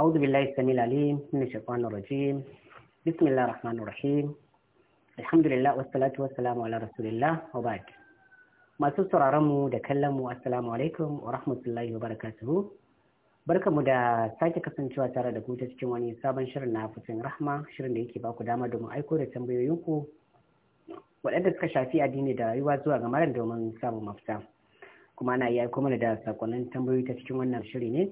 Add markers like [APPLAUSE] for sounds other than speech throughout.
أعوذ بالله السميع العليم من الشيطان الرجيم بسم الله الرحمن الرحيم الحمد لله والصلاة والسلام على masu sauraron mu da kallon mu assalamu alaikum wa rahmatullahi wa barakatuhu barkamu da sake kasancewa tare da ku ta cikin wani sabon shirin na fitin rahma shirin da yake ba ku dama domin aiko da tambayoyinku waɗanda suka shafi addini da rayuwa zuwa ga maran domin samun mafita kuma ana iya aiko mana da sakonnin tambayoyi ta cikin wannan shiri ne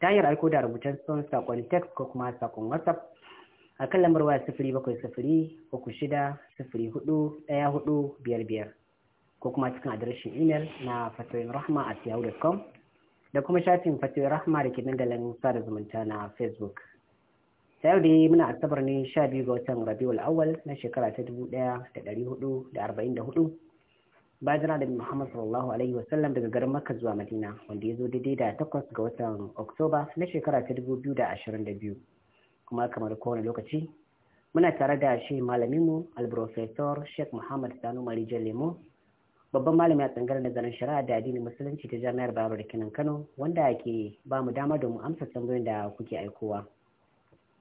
ta hanyar aiko da son sakon text ko kuma sakon whatsapp a kan lambar waya sifiri bakwai sifiri uku shida sifiri hudu ɗaya hudu biyar biyar ko kuma cikin adireshin imel na fatoyin rahma a yahoo.com da kuma shafin fatoyin rahma da ke dandalin sada zumunta na facebook ta yau dai muna asabar ne sha biyu ga watan rabiul awal na shekara ta dubu ɗaya da ɗari hudu da arba'in da hudu bayan da Muhammad sallallahu alaihi wasallam daga garin Makka zuwa Madina wanda ya zo daidai da takwas ga watan Oktoba na shekara ta dubu biyu da ashirin da biyu kuma kamar kowane lokaci muna tare da shi malaminmu alprofesor Sheikh Muhammad Sanu Marijan Lemo babban malami a tsangar nazarin shari'a da addinin musulunci ta jami'ar Bayero da Kinan Kano wanda ke ba mu dama da mu amsa tambayoyin da kuke aikowa.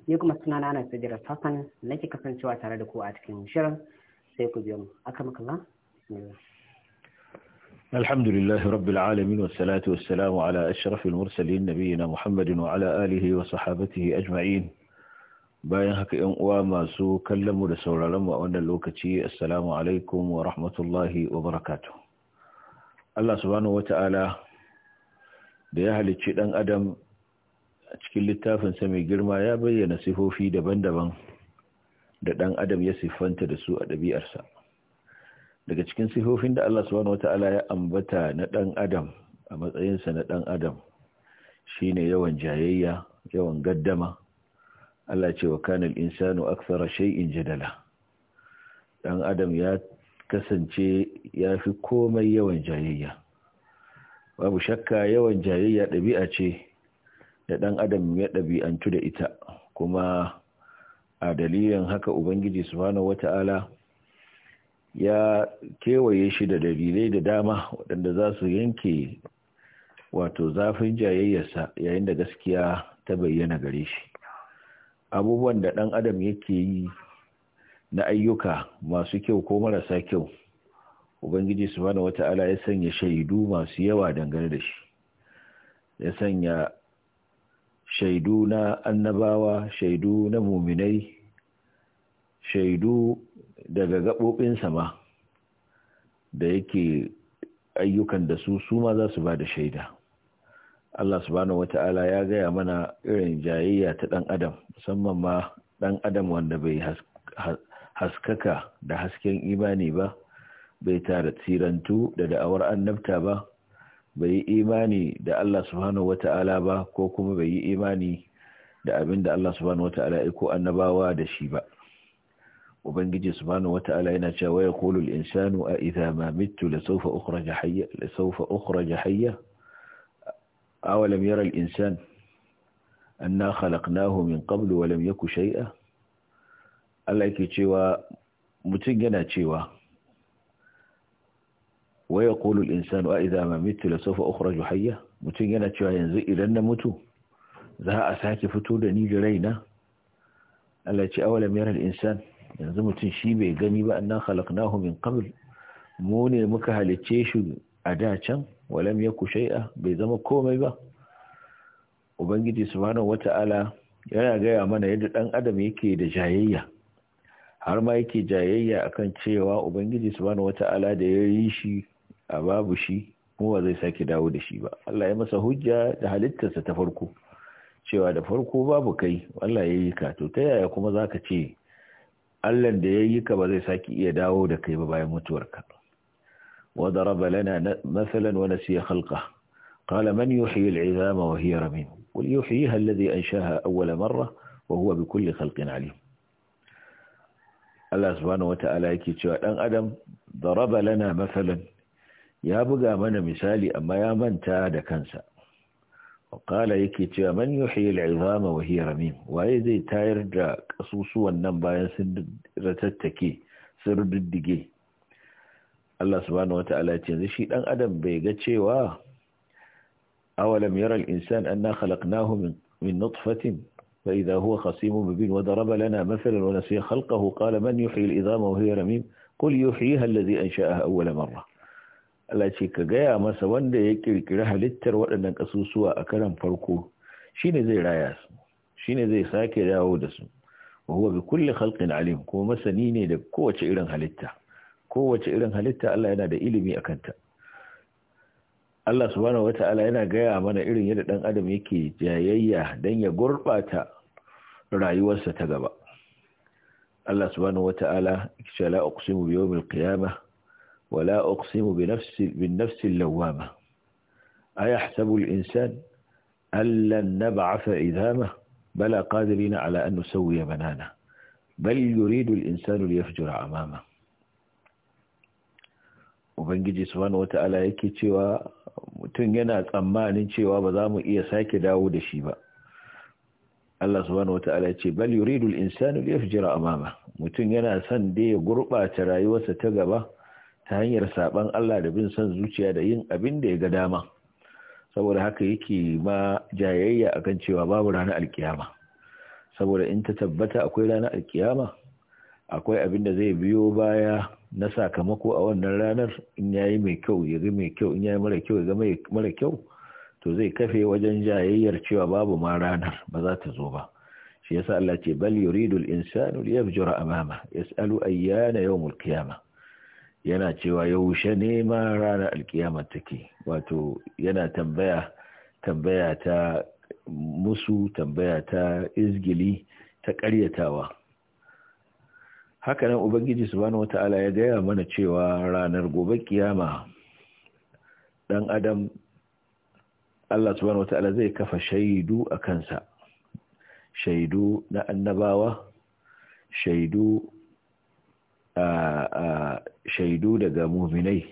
Ni kuma suna na Anas Hassan nake kasancewa tare da ku a cikin shirin sai ku biyo mu. Aka makalla. الحمد لله رب العالمين والصلاة والسلام على أشرف المرسلين نبينا محمد وعلى آله وصحابته أجمعين bayan haka ‘yan uwa masu kallonmu da sauraronmu a wannan lokaci assalamu alaikum wa rahmatullahi wa barakatu Allah subhanahu wa ta'ala da ya halicci ɗan adam a cikin littafinsa mai girma ya bayyana sifofi daban-daban da ɗan adam ya siffanta da su a ɗabi'arsa daga cikin sifofin da Allah subhanahu wata'ala ya ambata na ɗan adam a matsayinsa na ɗan adam shine yawan jayayya yawan gaddama Allah ce wa kanal insanu akthara shay'in jadala dan adam ya kasance ya fi komai yawan jayayya babu shakka yawan jayayya ɗabi'a ce da ɗan adam ya ɗabi'antu da ita kuma a dalilin haka ubangiji subhanahu wata'ala ya kewaye shi da dalilai da dama waɗanda za su yanke wato zafin jayayyarsa yayin da gaskiya ta bayyana gare shi abubuwan da ɗan adam yake yi na ayyuka masu kyau ko marasa kyau ubangiji su wata wata'ala ya sanya shaidu masu yawa dangane da shi ya sanya shaidu na annabawa shaidu na muminai shaidu daga gaɓoɓinsa ma da yake ayyukan da su su ma za su ba da shaida Allah subhanahu wata'ala ya gaya mana irin jayayya ta ɗan adam musamman ma ɗan adam wanda bai haskaka da hasken imani ba bai tara tsirantu da da'awar annabta ba bai yi imani da Allah subhanahu wata'ala ba ko kuma bai yi imani da abin da Allah subhanahu wata'ala ya ko annabawa da shi ba وبنجي سبحانه وتعالى إن شاء ويقول الإنسان أإذا ما مت لسوف أخرج حية لسوف أخرج حية أو لم يرى الإنسان أن خلقناه من قبل ولم يك شيئا عليك شوى متجنا شوى ويقول الإنسان أإذا ما مت لسوف أخرج حية متجنا شوى ينزل إلى النموت ذا أساك فتودني جرينا التي أولم يرى الإنسان yanzu mutum shi bai gani ba annan khalaqnahu min qabl mu ne muka halicce shi a da can walam yaku shay'a bai zama komai ba ubangiji subhanahu wata'ala yana gaya mana yadda dan adam yake da jayayya har ma yake jayayya akan cewa ubangiji subhanahu wata'ala da ya yi shi a babu shi kuma zai sake dawo da shi ba Allah ya masa hujja da halittarsa ta farko cewa da farko babu kai Allah ya yi ka to ta yaya kuma za ka ce Allah da yayi ka ba zai saki iya dawo da kai ba bayan mutuwarka wa daraba lana masalan wa nasiya khalqa qala man yuhyi al'izama wa hiya ramim qul yuhyiha alladhi anshaha awwala marra wa huwa bi kulli khalqin alim Allah subhanahu wa ta'ala yake cewa dan adam daraba lana masalan ya buga mana misali amma ya manta da kansa وقال يكي من يحيي العظام وهي رميم وإذا تايرجا قصوصو النمبا يسندرتتكي سرد الدقي الله سبحانه وتعالى تنزشي لن أدم بيقتشي واه أولم يرى الإنسان أنا خلقناه من من نطفة فإذا هو خصيم مبين وضرب لنا مثلا ونسي خلقه قال من يحيي العظام وهي رميم قل يحييها الذي أنشأها أول مرة Allah ce ka gaya masa wanda ya kirkiri halittar waɗannan ƙasusuwa a karan farko Shi ne zai raya su shi ne zai sake dawo da su wa huwa bi kulli khalqin alim kuma masani ne da kowace irin halitta kowace irin halitta Allah yana da ilimi a kanta Allah subhanahu wata'ala yana gaya mana irin yadda ɗan adam yake jayayya dan ya gurbata rayuwarsa ta gaba Allah subhanahu wata'ala ikishala uqsimu bi yawmil qiyamah ولا أقسم بنفس بالنفس اللوامة أيحسب الإنسان أن لن نبعث إذامة بلى قادرين على أن نسوي بنانا بل يريد الإنسان ليفجر أمامه وبنجي سبحانه وتعالى يكي تيوى تنجينا أمانين تيوى بضامو إيا سايك داود شيبا الله سبحانه وتعالى يكي بل يريد الإنسان ليفجر أمامه وتنجينا سندي قربة ترايوة ستقبه ta hanyar saban Allah da bin son zuciya da yin abin da ya ga dama saboda haka yake ma jayayya akan cewa babu ranar alkiyama saboda in ta tabbata akwai ranar alkiyama akwai abin da zai biyo baya na sakamako a wannan ranar in yayi mai kyau ya ga mai kyau in yayi mara kyau ya ga mara kyau to zai kafe wajen jayayyar cewa babu ma ranar ba za ta zo ba shi yasa Allah ce bal yuridul insanu liyafjura amama yasalu ayyana yawmul qiyamah yana cewa yaushe nema ranar alkiyama take wato yana tambaya tambaya ta musu tambaya ta izgili ta ƙaryatawa hakanan ubangiji subhanahu wata'ala ya gaya mana cewa ranar gobe kiyama dan adam Allah subhanahu wata'ala zai kafa shaidu a kansa shaidu na annabawa shaidu shaidu daga muminai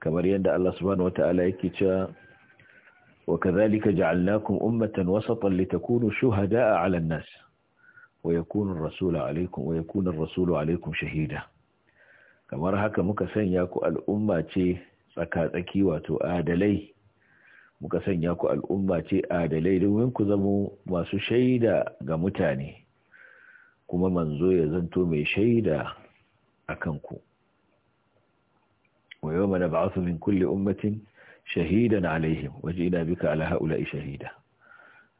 kamar yadda Allah subhanahu wata'ala yake cewa wa kadhalika ja'alnakum ummatan wasatan litakunu shuhada'a 'ala an-nas wa yakuna ar-rasulu 'alaykum wa yakuna ar-rasulu 'alaykum shahida kamar haka muka sanya ku al'umma ce tsaka-tsaki wato adalai muka sanya ku al'umma ce adalai domin ku zama masu shaida ga mutane kuma manzo ya zanto mai shaida a kanku wa yau mana ba min kulle ummatin shahidan alaihim waje ina bika Alha'ulA'i shahida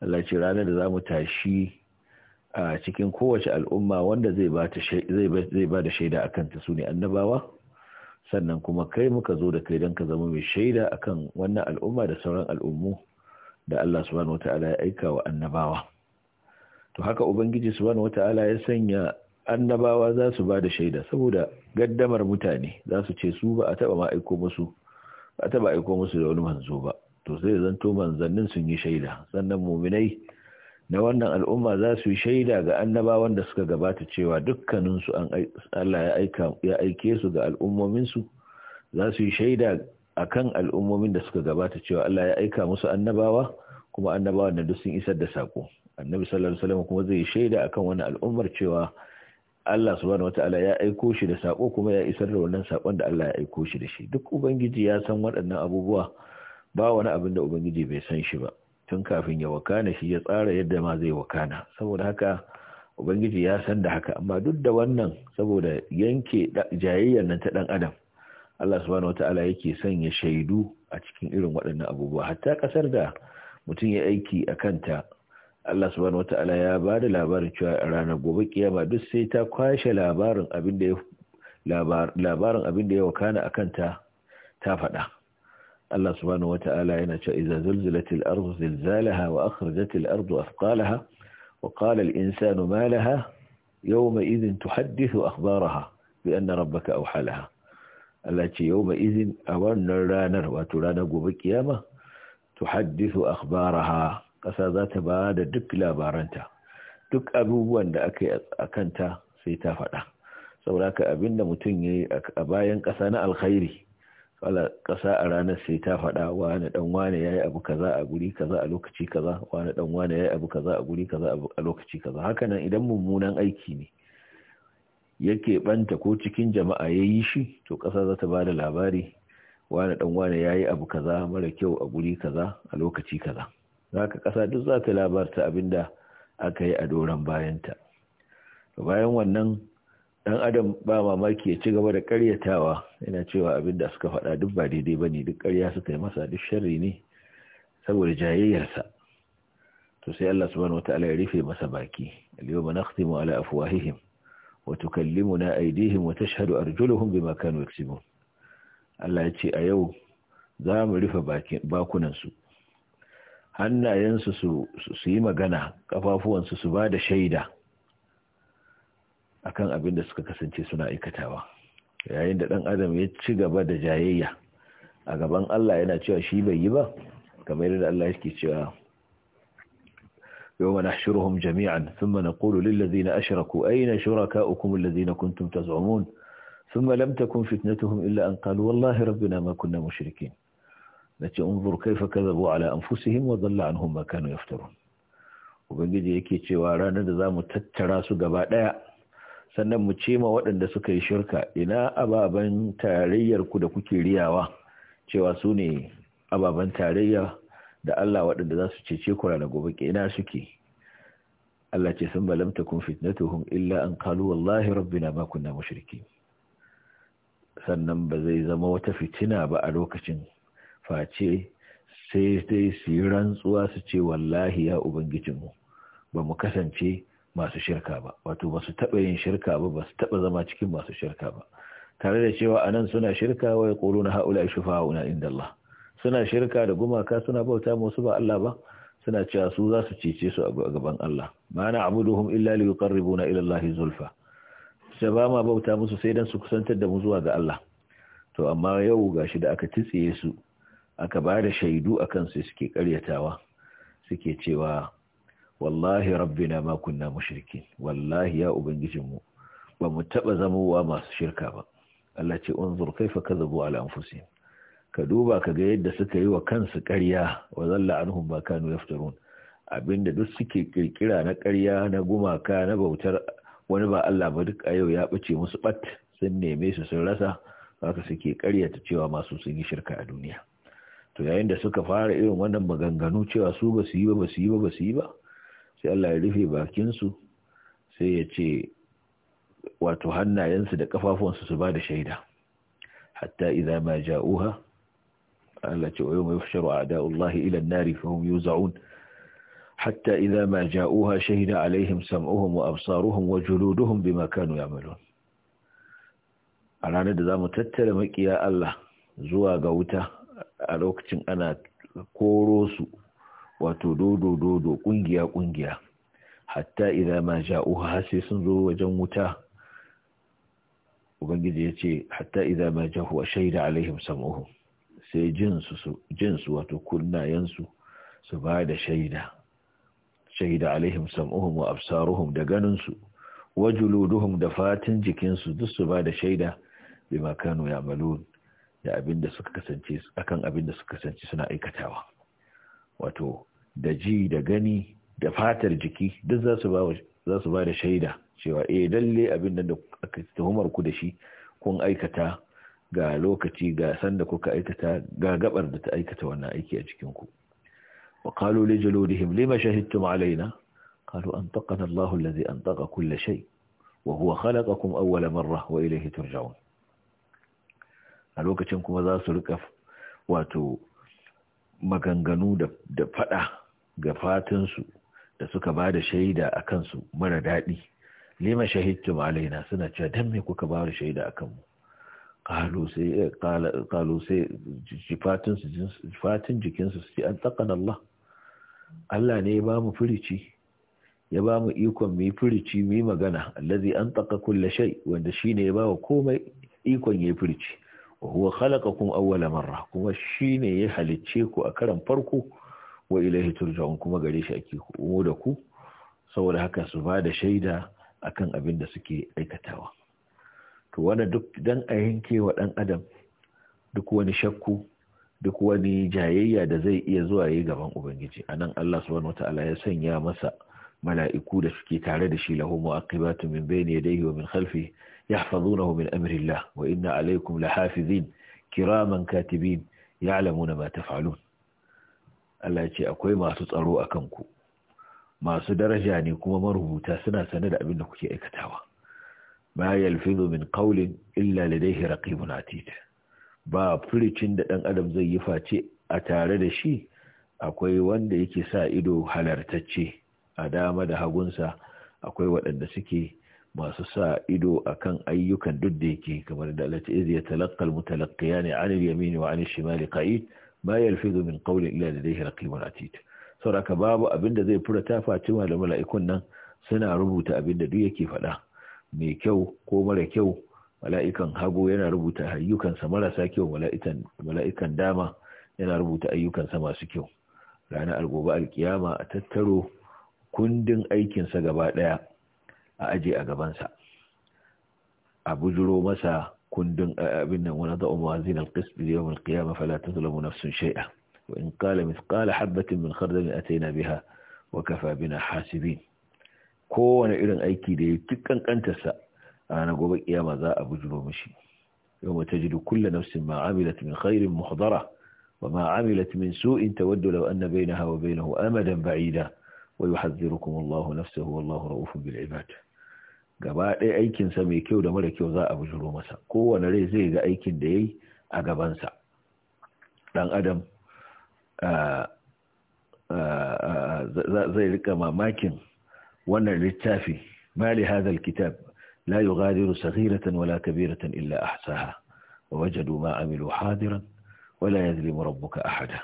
Allah ce ranar da za mu tashi a cikin kowace al'umma wanda zai ba da shaida a kanta su ne annabawa sannan kuma kai muka zo da kai don ka zama mai shaida akan wannan al'umma da sauran al'ummu da Allah subhanahu wata'ala ya aika wa annabawa to haka ubangiji subhanahu wata'ala ya sanya annabawa za su ba da shaida saboda gaddamar mutane za su ce su ba a taba ma aiko musu a taba aiko musu da wani manzo ba to sai zanto manzannin sun yi shaida sannan muminai na wannan al'umma za su yi shaida ga annabawan da suka gabata cewa dukkaninsu an Allah ya aika ya aike su ga al'ummominsu za su yi shaida akan al'ummomin da suka gabata cewa Allah ya aika musu annabawa kuma annabawan da duk sun isar da sako annabi sallallahu alaihi wasallam kuma zai yi shaida akan wani al'ummar cewa Allah subhanahu wata'ala ya aiko shi da sako kuma ya isar da wannan sakon da Allah ya aiko shi da shi duk ubangiji ya san waɗannan abubuwa ba wani abin da ubangiji bai san shi ba tun kafin ya wakana shi ya tsara yadda ma zai wakana saboda haka ubangiji ya san da haka amma duk da wannan saboda yanke jayayyar nan ta ɗan adam Allah subhanahu wata'ala yake ya shaidu a cikin irin waɗannan abubuwa hatta ƙasar da mutum ya aiki a kanta Allah subhanahu wata'ala ya ba da labarin cewa a ranar gobe kiyama duk sai ta kwashe labarin abin da ya labarin abin da ya wakana a kanta ta faɗa Allah subhanahu wata'ala yana cewa idza zulzilatil ardu zilzalaha wa akhrajatil ardu athqalaha wa qala al insanu ma laha yawma idhin tuhaddithu akhbaraha bi anna rabbaka awha laha Allah ce yawma idhin a wannan ranar wato ranar gobe kiyama tuhaddithu akhbaraha ƙasa za ta ba da duk labaranta duk abubuwan da aka yi a kanta sai ta faɗa saboda ka abin da mutum ya yi a bayan ƙasa na alkhairi ƙasa a ranar sai ta faɗa wani ɗan wane ya yi abu kaza a guri kaza a lokaci kaza wani ɗan wane ya yi abu kaza a guri kaza a lokaci kaza hakanan idan mummunan aiki ne yake ɓanta ko cikin jama'a ya yi shi to ƙasa za ta ba da labari wani ɗan wane ya yi abu kaza mara kyau a guri kaza a lokaci kaza zaka kasa duk za ta labarta abin da aka yi a doron bayanta bayan wannan ɗan adam ba mamaki ya ci gaba da karyatawa yana cewa abin da suka faɗa duk ba daidai ba ne duk ƙarya suka yi masa duk sharri ne saboda jayayyarsa to sai Allah subhanahu wataala ya rufe masa baki al-yawma nakhtimu ala afwahihim wa tukallimuna aydihim wa tashhadu arjuluhum bima kanu yaksubun Allah ya ce a yau za mu rufe bakunansu. su hannayensu su su yi magana kafafuwansu su ba da shaida akan abin da suka kasance suna aikatawa yayin da dan adam ya ci gaba da jayayya a gaban Allah yana cewa shi bai yi ba kamar yadda Allah yake cewa yawma nahshuruhum jami'an thumma naqulu lil ladzina ashraku ayna shurakaukum alladhina kuntum taz'umun thumma lam takun fitnatuhum illa an qalu wallahi rabbina ma kunna mushrikeen nace unzur kaifa kadhabu ala anfusihim wa dhalla anhum ma kanu yaftarun ubangiji yake cewa ranar da zamu tattara su gaba daya sannan mu ce ma waɗanda suka yi shirka ina ababen tarayyar ku da kuke riyawa cewa su ne ababen tarayya da Allah waɗanda za su cece ku ranar gobe ina suke Allah ce sun ta kun fitnatuhum illa an kalu wallahi rabbina ma kunna mushriki sannan ba zai zama wata fitina ba a lokacin face sai dai su yi rantsuwa su ce wallahi ya ubangijinmu ba mu kasance masu shirka ba wato ba su taɓa yin shirka ba ba su taɓa zama cikin masu shirka ba tare da cewa a nan suna shirka wai ƙoro na haula shufa'una inda Allah suna shirka da gumaka suna bauta musu ba Allah ba suna cewa su za su cece su a gaban Allah ma'ana abuduhum illa li yuqarribuna ila Allah zulfa sai ba ma bauta musu sai dan su kusantar da mu zuwa ga Allah to amma yau gashi da aka titsiye su aka ba da shaidu a kansu suke karyatawa suke cewa wallahi Rabbi na ma kunna mushrikin wallahi ya ubangijinmu ba mu taɓa zamowa masu shirka ba Allah ce unzur kaifa kadhabu ala anfusihim ka duba ka ga yadda suka yi wa kansu karya, wa zalla anhum ma kanu yaftarun abinda duk suke kirkira na ƙarya na gumaka na bautar wani ba Allah ba duk a yau ya bace musu bat sun neme su sun rasa haka suke karyata cewa masu sun yi shirka a duniya to yayin da suka fara irin wannan maganganu cewa su ba su yi ba ba su yi ba ba su yi ba sai Allah ya rufe bakinsu sai ya ce wato hannayensu da kafafunsu su ba da shaida hatta idza ma ja'uha Allah ce wayo mai fushar a'da'ullahi ila an-nari fa hum yuz'un hatta idza ma ja'uha shahida alaihim sam'uhum wa absaruhum wa juluduhum bima kanu ya'malun a ranar da zamu tattara makiya Allah zuwa ga wuta a lokacin ana koro su wato dodo dodo kungiya kungiya hatta idan ma ja'uha sai sun zo wajen wuta ubangiji ya ce hatta idan ma jahu shaida alaihim sam'uhu sai jinsu wato kunnayensu su ba da shaida shaida alaihim samuhu wa absaruhum da ganinsu wa da fatin jikinsu duk su ba da shaida bima kanu ya'malun da abin da suka kasance akan abin da suka kasance suna aikatawa wato da ji da gani da fatar jiki duk za su ba da shaida cewa eh lalle abin nan da aka tuhumar ku da shi kun aikata ga lokaci ga sanda kuka aikata ga gabar da ta aikata wannan aiki a cikin ku wa qalu li juludihim lima shahidtum alaina qalu antaqana Allahu alladhi antaqa kull shay wa huwa khalaqakum awwala marra wa ilayhi turja'un a lokacin kuma za su rika wato maganganu da faɗa ga fatansu da suka ba da shaida a kansu mara daɗi lima shahidtu alaina suna cewa dan me kuka ba da shaida a kanmu kalu sai fatin jikinsu su ce an tsakan Allah Allah ne ya ba mu firici ya ba mu ikon mu yi firici mu yi magana allazi an tsaka kulle shai wanda shine ya ba wa komai ikon ya yi firici wa khalaka kun awwala marra kuma shine ya halicce ku a karan farko wa ilaihi turja'un kuma gare shi ake komo da ku saboda haka su ba da shaida akan abin da suke aikatawa to wani duk dan a yanke wa dan adam duk wani shakku duk wani jayayya da zai iya zuwa yi gaban ubangiji anan Allah subhanahu wataala ya sanya masa mala'iku da suke tare da shi lahumu aqibatu min bayni yadayhi wa min khalfihi yahfazunahu min amrillah wa inna alaykum lahafizin kiraman katibin ya'lamuna ma taf'alun Allah ce akwai masu tsaro a kanku masu daraja ne kuma marubuta suna sane da abin da kuke aikatawa ma yalfizu min qawlin illa ladayhi raqibun atid ba furicin da ɗan adam zai yi face a tare da shi akwai wanda yake sa ido halartacce a dama da hagunsa akwai waɗanda suke masu sa ido akan ayyukan duk da yake kamar da Allah izi ya talaqqal mutalaqiyani ne al-yamin wa an shimali shimal qa'id ma yalfidu min qawlin illa ladayhi raqibun atid saboda babu abinda zai fura ta Fatima da mala'ikun nan suna rubuta abinda duk yake faɗa mai kyau ko mara kyau mala'ikan hagu yana rubuta ayyukansa marasa kyau mala'ikan dama yana rubuta ayyukansa masu kyau ranar algoba alkiyama a tattaro kundin aikinsa gaba ɗaya a aje a gabansa a bujuro masa kundin abin nan wani za'u mawazin alƙis da yawon alƙiyama falatun zulamu nafsun shai'a wa in kala misƙala habbatin min khardami a taina biha wa kafa bina hasibin kowane irin aiki da ya ci kankantarsa a na gobe kiyama za a bujuro mishi yau mata jidu kulla nafsin ma amilat min khairin muhdara wa ma amilat min su'in tawaddu law anna bainaha wa bainahu amadan ba'ida wa yuhadhdhirukum Allahu nafsahu wallahu ra'ufun bil ibad gaba ɗaya aikinsa mai kyau da mara kyau za a bujuro masa kowane rai zai ga aikin da ya yi a gabansa ɗan adam zai rika mamakin wannan littafi mali hadal kitab la gadiru sahiratan wala kabiratan illa ahsaha wa wajadu ma amilu hadiran wala ya yazlimu rabbuka ahada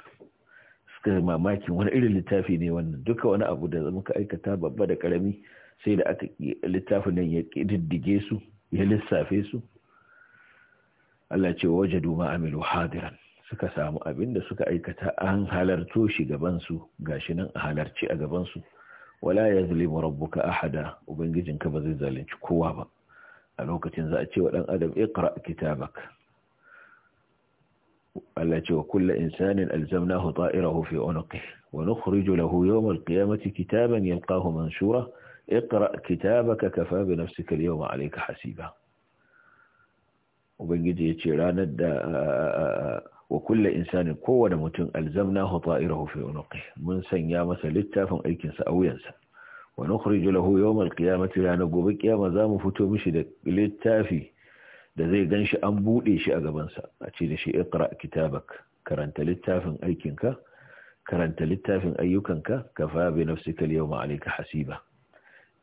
suka mamakin wani irin littafi ne wannan duka wani abu da ka aikata babba da karami sai da aka littafin nan ya diddige su ya lissafe su Allah ce waje duma amilu hadiran suka samu abin da suka aikata an halarto shi gabansu gashi nan a halarci a gabansu wala ya zulimu rabbuka ahada ubangijinka ba zai zalunci kowa ba a lokacin za a ce wa dan adam iqra kitabak Allah ce wa kullu insanin alzamnahu ta'irahu fi unqi wa nukhriju lahu yawm alqiyamati kitaban yalqahu manshura iqra kitabaka kafa bi nafsika al-yawma alayka hasiba ubangiji yace ranar da wa kullu insanin kowane mutum alzamnahu ta'irahu fi unuqi mun sanya masa littafin aikin sa a wuyansa wa nukhriju lahu yawma al-qiyamati ranar gobe kiyama za mu fito mishi da littafi da zai ganshi an bude shi a gaban sa a ce da shi iqra kitabaka karanta littafin aikinka karanta littafin ayyukanka kafa bi nafsika al-yawma alayka hasiba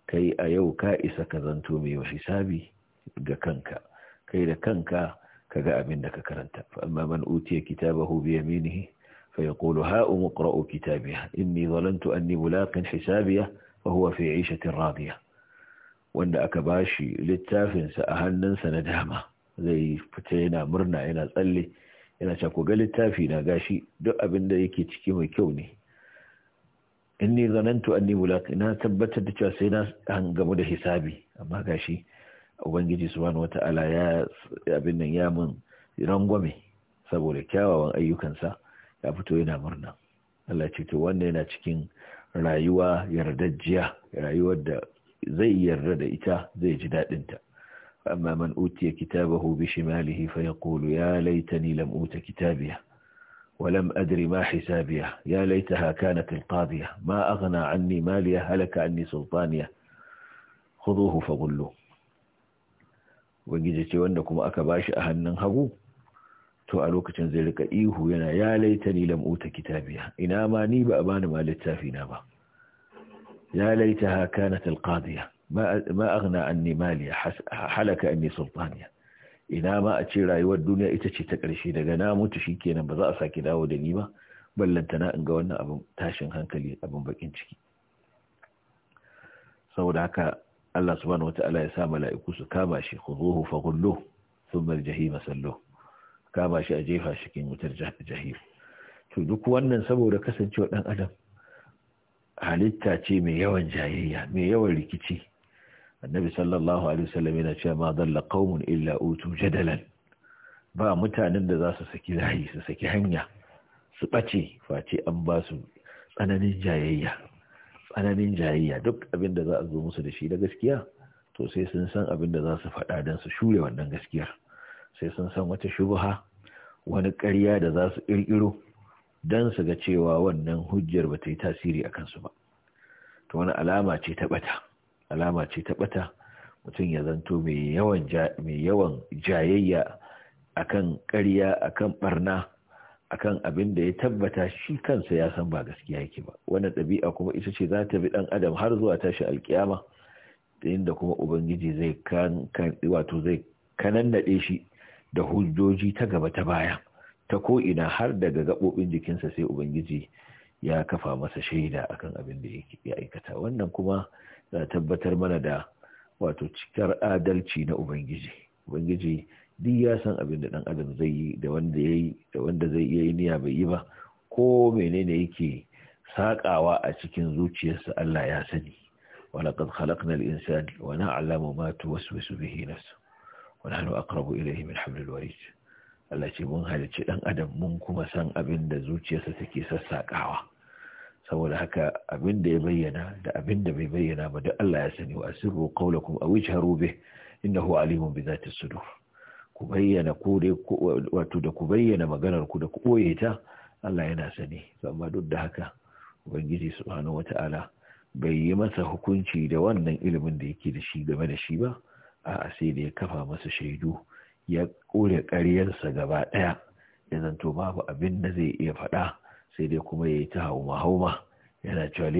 kai a yau ka isa ka zanto mai hisabi ga kanka kai da kanka ka ga abin da ka karanta fa amma man utiya kitabahu bi yaminihi fa yaqulu ha umqra'u kitabiya inni zalantu anni mulaqin hisabiya fa huwa fi 'ishatin radiya wanda aka bashi littafinsa a hannunsa na dama zai fita yana murna yana tsalle yana cewa ku ga littafi na gashi duk abin da yake ciki mai kyau ne in ni zanantu anni mulaqi na tabbatar da cewa sai na gamu da hisabi amma gashi ubangiji subhanahu wata'ala ya abin nan ya mun rangwame saboda kyawawan ayyukansa ya fito yana murna Allah ce to wannan yana cikin rayuwa yardajjiya rayuwar da zai yarda da ita zai ji daɗin ta amma man utiya kitabahu bi shimalihi fa yaqulu ya laitani lam uta kitabiya ولم أدري ما حسابيه يا ليتها كانت القاضية ما أغنى عني مالية هلك عني سلطانية خذوه فغلوا وجدتي أنكم أكباش أهن ننهبوا تؤلوك تنزلك إيه ينا يا ليتني لم أوت كتابيه إن أماني أبان ما لتافي نابا يا ليتها كانت القاضية ما أغنى عني مالية حلك أني سلطانية ina ma a ce rayuwar duniya ita ce ta ƙarshe daga na mutu shi kenan ba za a sake dawo da ni ba ballantana in ga wannan abin tashin hankali abin bakin ciki saboda haka Allah subhanahu wata'ala ya sa mala'iku su kama shi khuduhu fa ghullu thumma al sallu kama shi a jefa shi cikin wutar jahim to duk wannan saboda kasancewa dan adam halitta ce mai yawan jayayya mai yawan rikici annabi sallallahu alaihi wasallam yana cewa ma dalla qaumun illa utu jadalan ba mutanen da za su saki rayi su saki hanya su bace face an ba su tsananin jayayya tsananin jayayya duk abin da za a zo musu da shi da gaskiya to sai sun san abin da za su faɗa don su shure wannan gaskiya sai sun san wata shubuha wani ƙarya da za su ƙirƙiro don su ga cewa wannan hujjar ba ta yi tasiri a kansu ba to wani alama ce ta ɓata alama ce ta bata mutum ya zanto mai yawan jayayya a akan ƙarya akan barna kan abin da ya tabbata shi kansa ya san ba gaskiya yake ba wannan ɗabi'a kuma ita ce za ta bi ɗan adam har zuwa tashi alkiyama da inda kuma ubangiji zai kan wato zai kanannaɗe shi da hujjoji ta gaba ta baya ta ko ina har daga gaɓoɓin jikinsa sai ubangiji ya kafa masa shaida akan abin da ya aikata wannan kuma tabbatar mana da wato cikar adalci na ubangiji ubangiji duk ya san abin da dan adam zai yi da wanda yayi da wanda zai iya yi niyya bai yi ba ko menene yake sakawa a cikin zuciyarsa Allah ya sani ولقد خلقنا الإنسان ونعلم ما توسوس به نفسه ونحن أقرب إليه من حبل warid Allah ce mun halicci dan adam mun kuma san abin da zuciyarsa take sassakawa saboda haka abin da ya bayyana da abin da bai bayyana ba duk Allah ya sani wa sirru qaulakum aw ijharu bih innahu alimun bi zati sudur ku bayyana ku dai wato da ku bayyana maganar ku da ku boye ta Allah yana sani amma duk da haka ubangiji subhanahu wata'ala bai yi masa hukunci da wannan ilimin da yake da shi game da shi ba A'a, sai da ya kafa masa shaidu ya kore ƙaryarsa gaba ɗaya ya zanto babu abin da zai iya faɗa sai dai kuma ya yi ta hauma hauma yana cewa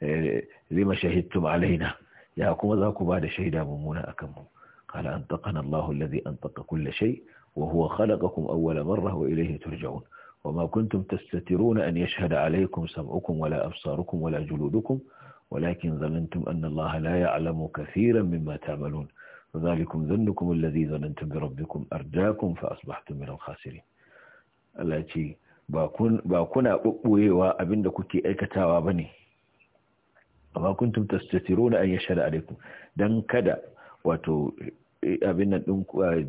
eh, lima shahidtum alaina ya kuma za ku ba da shaida mummuna a kanmu kala an taƙan Allahu lazi an taƙa kulle shai wa huwa kum awwala marra wa ilaihi turja'un wa ma kuntum tastatiruna an yashhada alaikum sam'ukum wala absarukum wala juludukum walakin zanantum anna Allah la ya'lamu kathiran mimma ta'malun ذلكم ظنكم الذي ظننتم بربكم أرجاكم فأصبحتم من الخاسرين التي ba kuna ɓuɓɓoyewa abinda kuke aikatawa ba ne amma kuntum tastatiruna an yashhadu alaikum Don kada wato eh, abin nan ɗin eh,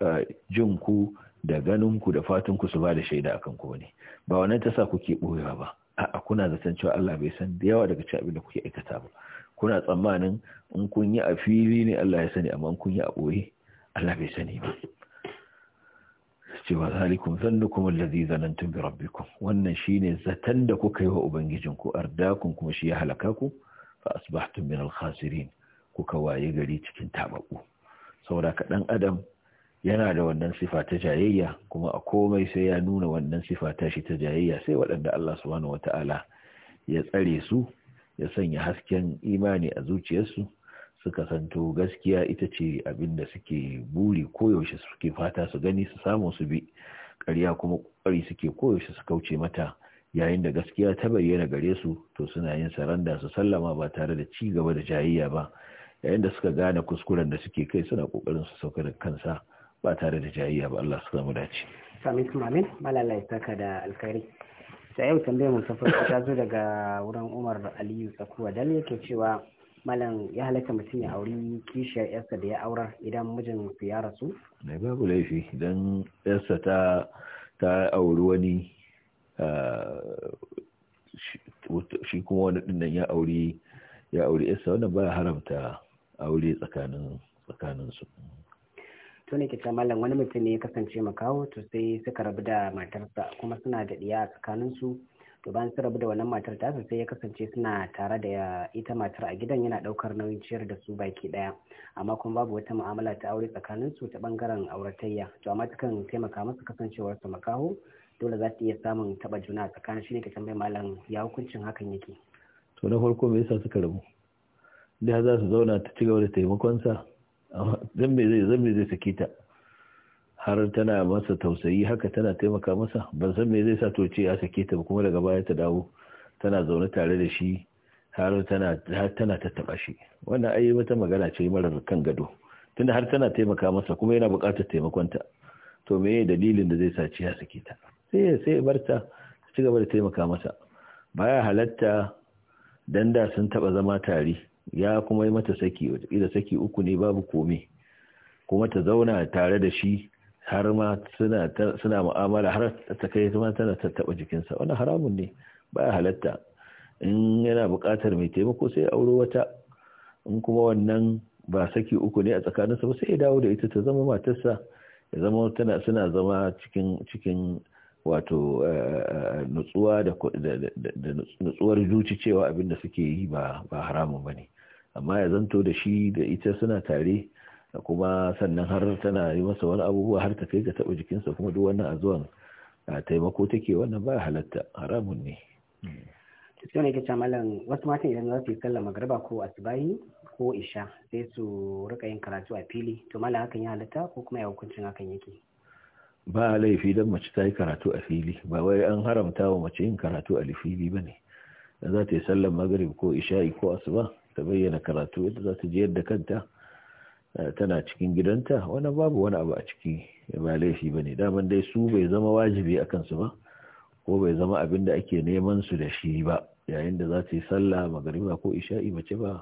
eh, jinku da ganinku da fatinku su ba da shaida akan ku ne ba wannan ta sa kuke ɓoyewa ba a'a kuna zaton cewa Allah bai san da yawa daga cikin abin kuke aikata ba kuna tsammanin in kun yi a fili ne Allah ya sani amma in kun yi a ɓoye, Allah bai sani ba cewa ce wa zalikum zannukum allazi zanantum bi rabbikum wannan shine zatan da kuka yi wa Ubangijin, ubangijinku ardakun kuma shi ya halaka ku fa asbahtum min al-khasirin kuka waye gari cikin tabaku saboda ka dan adam yana da wannan sifa ta jayayya kuma a komai sai ya nuna wannan sifa ta shi ta jayayya sai waɗanda Allah subhanahu wata'ala ya tsare su ya sanya hasken imani a zuciyarsu suka santo gaskiya ita ce abin da suke buri koyaushe suke fata su gani su samu su bi ƙarya kuma ƙoƙari suke koyaushe su kauce mata yayin da gaskiya ta bayyana gare su to suna yin saranda su sallama ba tare da ci gaba da jayayya ba yayin da suka gane kuskuren da suke kai suna ƙoƙarin su sauka da kansa ba tare da jayayya ba Allah su zama dace. Samin Tumamin, Malala ya saka da alkhairi. Sai yau tambayar mu ta ta zo daga wurin Umar Aliyu Tsakuwa Dal yake cewa malam ya halaka mutum ya auri kishiyar yarsa da ya aura idan mijin su ya rasu? ne babu laifi idan yarsa ta ta auri wani shi kuma wani dinnan ya auri ya auri yarsa wanda ba haramta aure tsakanin tsakanin su to ne kita malam wani mutum ne ya kasance makaho to sai suka rabu da matarsa kuma suna da iya a tsakanin su to bayan sun rabu da wannan matar tasa sai ya kasance suna tare da ita matar a gidan yana daukar nauyin ciyar da su baki daya amma kuma babu wata mu'amala ta aure tsakanin su ta bangaren auratayya to amma kan taimaka masa kasancewar su makaho dole za ta iya samun taba juna tsakanin shi ne ta tambayi malam ya hukuncin hakan yake to na farko me yasa suka rabu da za su zauna ta ci gaba da taimakon sa zan me zai zan me zai sake ta har tana masa tausayi haka tana taimaka masa ban san me zai sa to ce ya sake ta kuma daga baya ta dawo tana zaune tare da shi har tana har tana tattaba shi wannan ai mata magana ce mara kan gado tunda har tana taimaka masa kuma yana buƙatar taimakonta to me dalilin da zai sa ce ya sake ta sai sai barta ci gaba da taimaka masa baya halatta dan da sun taba zama tare ya kuma yi mata saki ida saki uku ne babu komai kuma ta zauna tare da shi har ma suna mu'amala har ta kai ma tana tattaɓa jikinsa wannan haramun ne ba halatta in yana buƙatar mai taimako sai auro wata in kuma wannan ba saki uku ne a tsakaninsa ba sai ya dawo da ita ta zama matarsa ya zama tana suna zama cikin cikin wato eh, nutsuwa da nutsuwar zuci cewa abin da suke yi ba ba haramun bane amma ya zanto da shi da ita suna tare kuma sannan har tana yi masa wani abubuwa har ta kai ga taɓa jikinsa kuma duk wannan a zuwan a taimako take wannan ba halatta haramun ne. Cikin hmm. yake ce malam wasu matan idan za su yi sallar magariba ko asibahi ko isha sai su rika yin karatu a fili to malam hakan ya halatta ko kuma ya hukuncin hakan yake. Ba laifi don mace ta yi karatu a fili ba wai an haramta wa mace yin karatu a fili ba ne. Da za ta yi sallar magarib ko isha'i ko asuba ta bayyana karatu yadda za ta ji yadda kanta Eh, tana cikin gidanta Wani babu wani abu a ciki ba laifi ba ne daman dai su bai zama wajibi a kansu ba ko bai zama abin da ake neman su da shi ba yayin da za su yi sallah magariba ko isha'i mace ba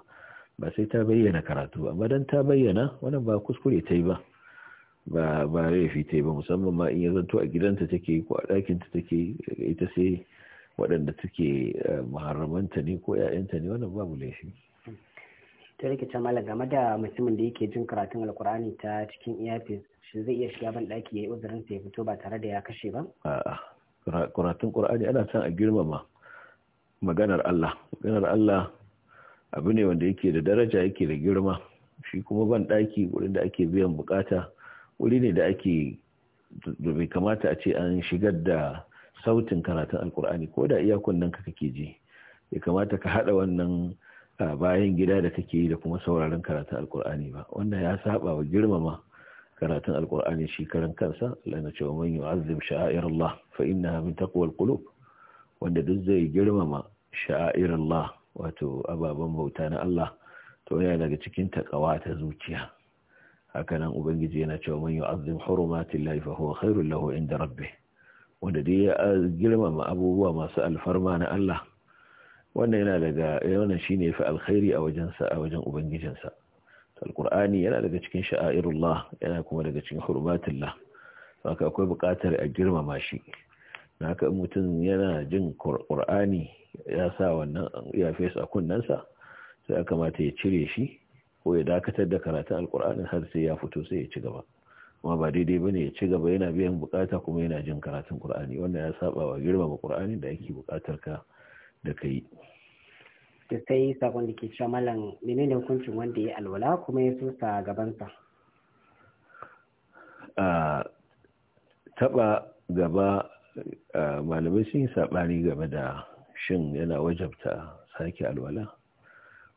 ba sai ta bayyana karatu amma dan ta bayyana wani ba kuskure ta yi ba ba ba laifi ta yi ba musamman ma in ya zanto a gidanta take ko a ɗakinta take ita sai waɗanda take eh, muharramanta ne ko 'ya'yanta ne wannan babu laifi ta ta mala game da mutumin da yake jin karatun alkur'ani ta cikin iyafis shi zai iya shiga ban yayi ya yi uzurin ya fito ba tare da ya kashe ba? A'a, karatun qur'ani ana son a girmama maganar Allah. Maganar Allah abu ne wanda yake da daraja yake da girma. Shi kuma ban daki wurin da ake biyan bukata wuri ne da ake da bai kamata a ce an shigar da sautin karatun alkur'ani ko da iyakun nan ka kake ji. Ya kamata ka haɗa wannan bayan gida da kake yi da kuma sauraron karatun alkur'ani ba wanda ya saba wa girmama karatun alkur'ani shi karan kansa lana cewa man yu'azzim sha'air Allah fa innaha min taqwal qulub wanda duk zai girmama sha'air Allah wato ababen bauta na Allah to yana daga cikin takawa ta zuciya haka nan ubangiji yana cewa man yu'azzim hurumatillahi fa huwa khairul lahu inda rabbih wanda dai ya girmama abubuwa masu alfarma na Allah wannan yana daga eh, shi ne yafi alkhairi a wajensa a wajen ubangijinsa alkur'ani yana daga cikin sha'airullah yana kuma daga cikin hurmatullah haka akwai buƙatar a girmama shi haka in mutum yana jin qur'ani ya sa wannan ya fesa kunnensa sai ya kamata ya cire shi ko ya dakatar da karatun alkur'ani har sai ya fito sai ya ci gaba kuma ba daidai ba ne ya ci gaba yana biyan bukata kuma yana jin karatun qur'ani wannan ya saba wa girmama qur'ani da yake bukatar ka da ka yi sai sakon da ke cewa malam menene hukuncin wanda ya alwala kuma ya sosa gabansa a taba gaba malamai sun yi saɓani game da shin yana wajabta sake alwala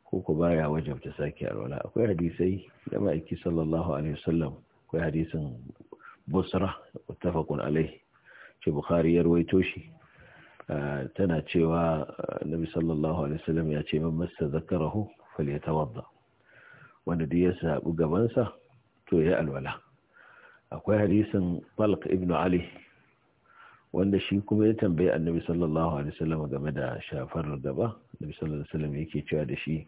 ko ku baya wajabta sake alwala akwai hadisai da ma'aiki sallallahu alaihi wasallam akwai hadisin busra muttafaqun alai ce bukhari ya rawaito shi tana cewa nabi sallallahu alaihi wasallam ya ce man masa zakarahu falyatawadda wanda duk ya sabu gabansa to ya alwala akwai hadisin Falk ibn Ali wanda shi kuma ya tambayi annabi sallallahu alaihi wasallam game da shafar gaba nabi sallallahu alaihi wasallam yake cewa da shi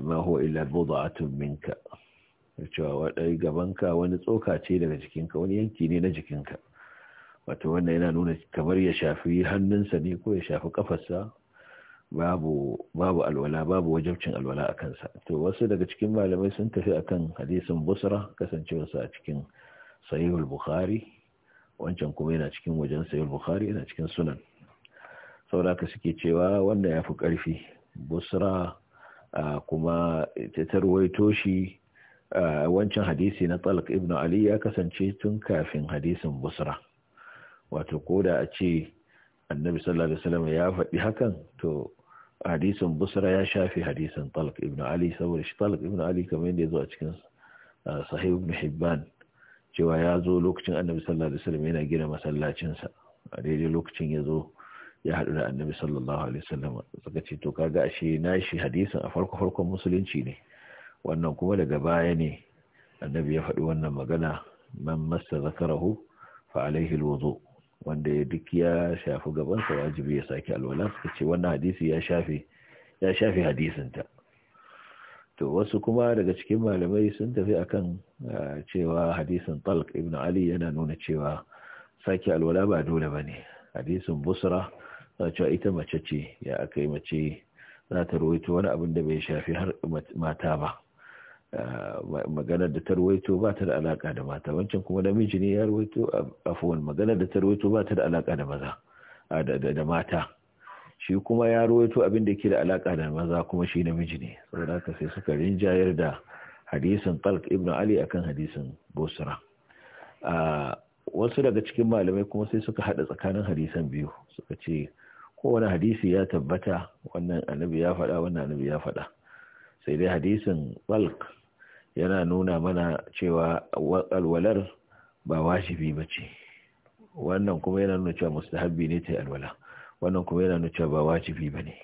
ma huwa illa bud'atun minka cewa wadai gabanka wani tsoka ce daga jikinka wani yanki ne na jikinka wato wannan yana nuna kamar ya shafi hannunsa ne ko ya shafi kafarsa babu babu alwala babu wajabcin alwala a kansa to wasu daga cikin malamai sun tafi akan hadisin busra sa a cikin sahihul bukhari wancan kuma yana cikin wajen sahihul bukhari yana cikin sunan saboda suke cewa wanda ya fi karfi busra kuma ta ruwaito shi wancan hadisi na talq ibn ali ya kasance tun kafin hadisin busra wato ko da a ce annabi sallallahu alaihi wasallam ya faɗi hakan to hadisin busra ya shafe hadisin talq ibn ali saboda shi talq ibn ali kamar yadda ya zo a cikin sahih ibn hibban cewa ya zo lokacin annabi sallallahu alaihi wasallam yana gina masallacinsa a daidai lokacin ya zo ya haɗu da annabi sallallahu alaihi wasallam suka ce to kaga ashe na shi hadisin a farko farkon musulunci ne wannan kuma daga baya ne annabi ya faɗi wannan magana man masa zakarahu fa alaihi alwudu wanda ya duk ya shafi gabansa wajibi ya sake alwala suka ce wannan hadisi ya shafe ya shafe hadisinta to wasu kuma daga cikin malamai sun tafi akan cewa hadisin talq ibn ali yana nuna cewa sake alwala ba dole bane hadisin busra za cewa ita mace ce ya aka yi mace za ta ruwaito wani abin da bai shafi har mata ba Ah, maganar da tarwaito ba ta da alaka da mata wancan kuma namiji ne ya rawaito afuwan ah, maganar da tarwaito ba ta da alaka da maza ah, da mata shi kuma ya rawaito abin da ke da alaka da maza kuma shi namiji ne saboda haka sai suka rinjayar da hadisin talq ibn ali akan hadisin busra wasu daga cikin malamai kuma sai suka hada tsakanin hadisan biyu suka ce kowane hadisi ya tabbata wannan annabi ya faɗa wannan annabi ya faɗa sai dai hadisin balk yana nuna mana cewa alwalar ba wajibi ba ce wannan kuma yana nuna cewa mustahabbi ne ta yi alwala wannan kuma yana nuna cewa ba wajibi ba ne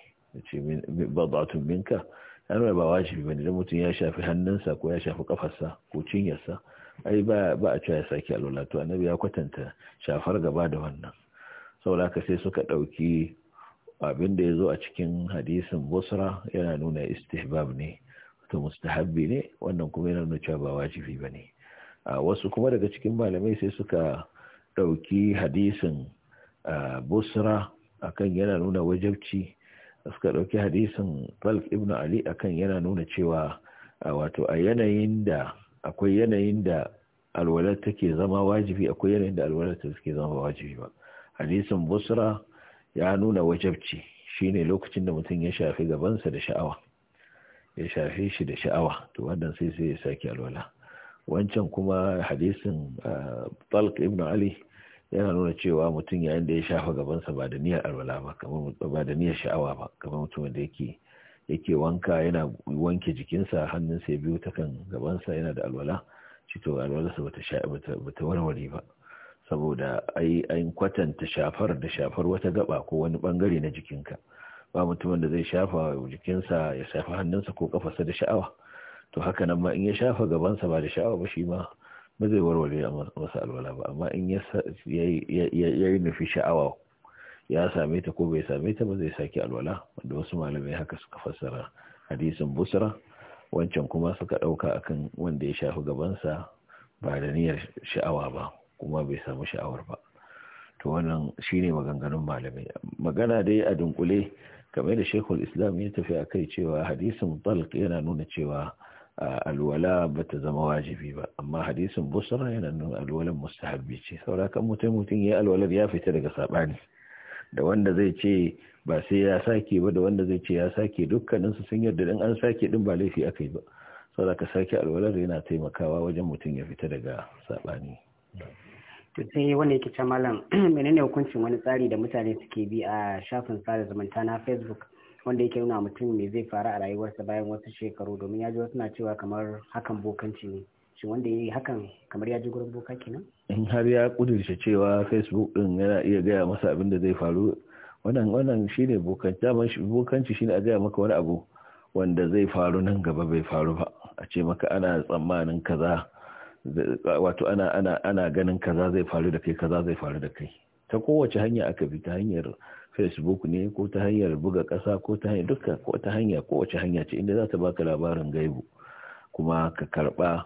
babatun minka yana ba wajibi ba ne don mutum ya shafi hannunsa ko ya shafi kafarsa ko cinyarsa ai ba a cewa ya sake alwala to annabi ya kwatanta shafar gaba da wannan saboda haka sai suka ɗauki abin da ya zo a cikin hadisin busra yana nuna istihbab ne to mustahabbi ne wannan kuma yana nuna cewa ba wajibi ba ne wasu kuma daga cikin malamai sai suka ɗauki hadisin busra akan yana nuna wajabci suka ɗauki hadisin falk ibn ali akan yana nuna cewa wato a yanayin da akwai yanayin da alwala take zama wajibi akwai yanayin da ta take zama wajibi ba hadisin busra ya nuna wajabci shine lokacin da mutum ya shafi gabansa da sha'awa ya shafe shi da sha'awa to wannan sai sai ya sake alwala wancan kuma hadisin ah, talq ibn ali yana nuna cewa mutum yayin da ya shafa gabansa ba da niyyar alwala ba kamar ba da niyyar sha'awa ba kamar mutum da yake yake wanka yana wanke jikinsa hannun sai biyu ta kan gabansa yana da alwala shi to alwalarsa bata warware ba saboda ai an kwatanta shafar da shafar wata gaba ko wani bangare na jikinka ba mutumin da zai shafa jikinsa ya shafa hannunsa ko kafarsa da sha'awa to haka nan ma in ya shafa gabansa ba da sha'awa ba shi ma ba zai warware masu alwala ba amma in ya yi nufi sha'awa ya same ta ko bai same ta ba zai sake alwala wanda wasu malamai haka suka fassara hadisin busra wancan kuma suka ɗauka akan wanda ya shafa gabansa ba da niyyar sha'awa ba kuma bai samu sha'awar ba to wannan shine maganganun malamai magana dai a dunkule kamar da shekul islam ya tafi a kai cewa hadisin talq yana nuna cewa alwala ba ta zama wajibi ba amma hadisin busra yana nuna alwalan mustahabbi ce saurakan mutum mutum ya alwalar ya fita daga sabani da wanda zai ce ba sai ya sake ba da wanda zai ce ya sake dukkaninsu sun yarda din an sake din ba laifi aka yi ba ka sake alwalar yana taimakawa wajen mutum ya fita daga sabani to sai wanda yake ce malam [CLEARS THROAT] menene hukuncin wani tsari da mutane suke bi a shafin sada zumunta na facebook wanda yake nuna mutum me zai faru a rayuwarsa bayan wasu shekaru domin ya ji wasu na cewa kamar hakan bokanci ne shi wanda ya yi hakan kamar ya ji gurin boka kenan in har ya kudirce cewa facebook din yana iya gaya masa abin da zai faru wannan wannan shine bokanci daman bokanci shine a gaya maka wani abu wanda zai faru nan gaba bai faru ba a ce maka ana tsammanin kaza wato ana ana ana ganin kaza zai faru da kai kaza zai faru da kai ta kowace hanya aka bi ta hanyar facebook ne ko ta hanyar buga kasa ko ta hanyar dukkan ko ta hanya kowace hanya ce inda za ta baka labarin gaibu kuma ka karba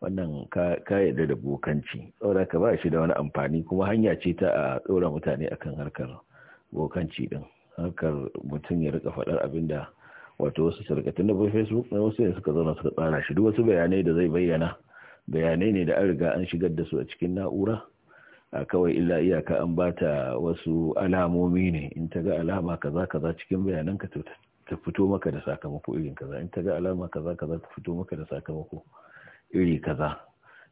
wannan ka yadda da bokanci saboda ka ba shi da wani amfani kuma hanya ce ta a tsora mutane akan harkar bokanci din harkar mutum ya rika faɗar abin da wato wasu sarkatun da facebook na wasu ne suka zauna suka tsara shi duk wasu bayanai da zai bayyana bayanai ne da an riga an shigar da su a cikin na'ura a kawai illa iyaka an bata wasu alamomi ne in ta ga alama kaza kaza cikin bayanan ka ta fito maka da sakamako irin kaza in ta ga alama kaza kaza ta fito maka da sakamako iri kaza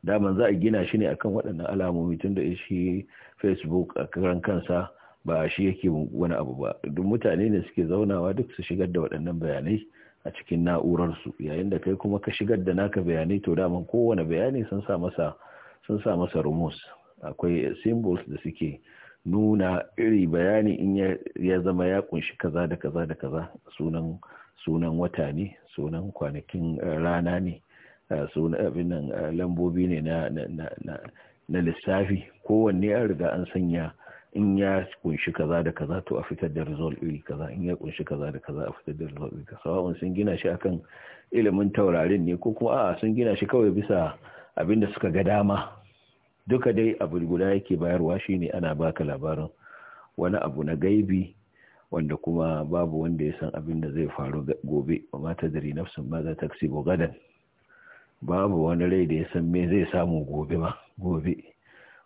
daman za a gina shi ne akan waɗannan alamomi tun da shi facebook a karan kansa ba shi yake wani abu ba duk mutane ne suke zaunawa duk su shigar da waɗannan bayanai a cikin na'urarsu yayin da kai kuma ka shigar da naka bayanai to daman kowane bayani sun sa masa sun sa masa rumus akwai symbols da suke nuna iri bayani in ya zama ya kunshi kaza da kaza da kaza sunan sunan wata ne sunan kwanakin eh, rana ne eh, sunan abin eh, lambobi ne na lissafi kowanne an riga an sanya in ya kunshi kaza da kaza to a fitar da result iri kaza in ya kunshi kaza da kaza a fitar da result iri kaza sawa'un sun gina shi akan ilimin taurarin ne ko kuma a sun gina shi kawai bisa abin da suka ga dama duka dai abu guda yake bayarwa shine ana baka labarin wani abu na gaibi wanda kuma babu wanda ya san abin da zai faru gobe ba ma ta dari nafsin ma za ta babu wani rai da ya san me zai samu gobe ba gobe